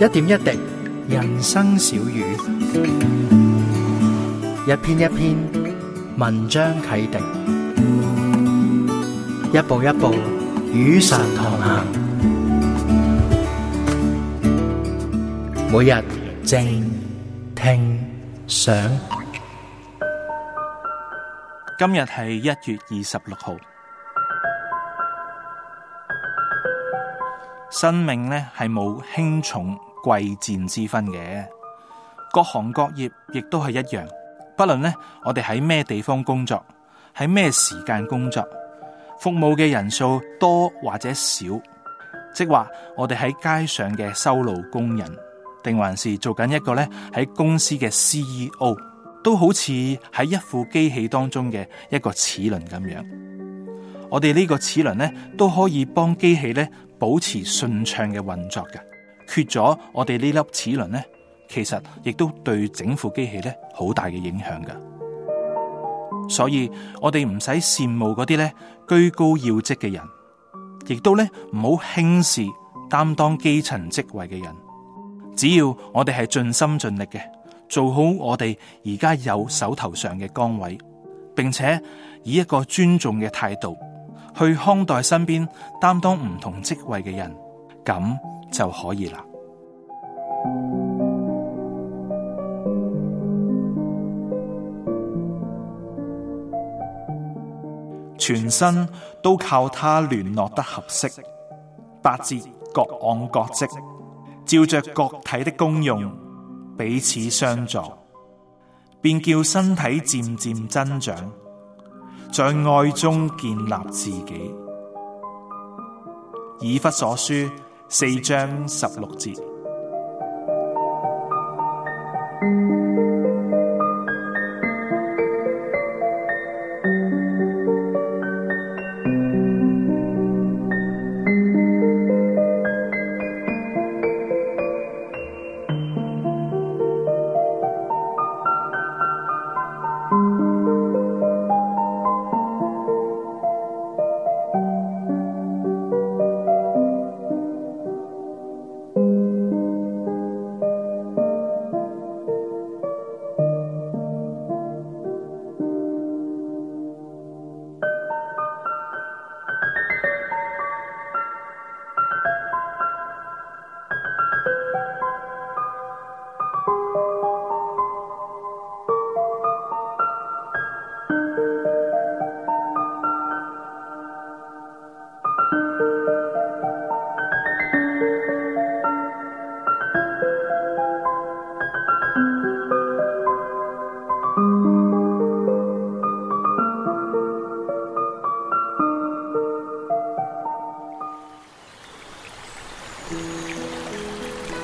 一點一滴，人生小語；一篇一篇，文章啟迪；一步一步，雨傘同行。每日靜聽想，今日係一月二十六號。生命呢係冇輕重，貴賤之分嘅，各行各業亦都係一樣。不論咧，我哋喺咩地方工作，喺咩時間工作，服務嘅人數多或者少，即係話我哋喺街上嘅修路工人，定還是做緊一個咧喺公司嘅 CEO，都好似喺一副機器當中嘅一個齒輪咁樣。我哋呢個齒輪咧，都可以幫機器咧保持順暢嘅運作嘅。缺咗我哋呢粒齒輪咧，其實亦都對整副機器咧好大嘅影響噶。所以我哋唔使羨慕嗰啲咧居高要職嘅人，亦都咧唔好輕視擔當基層職位嘅人。只要我哋係盡心盡力嘅，做好我哋而家有手頭上嘅崗位，並且以一個尊重嘅態度去看待身邊擔當唔同職位嘅人，咁就可以啦。全身都靠他聯絡得合適，百節各按各職，照着各體的功用彼此相助，便叫身體漸漸增長，在愛中建立自己。以弗所書四章十六節。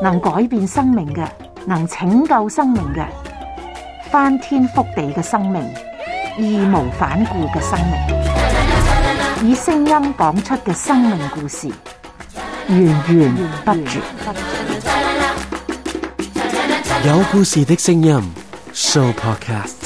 能改變生命嘅，能拯救生命嘅，翻天覆地嘅生命，義無反顧嘅生命，以聲音講出嘅生命故事，源源不絕。有故事的聲音，Sooo Podcast。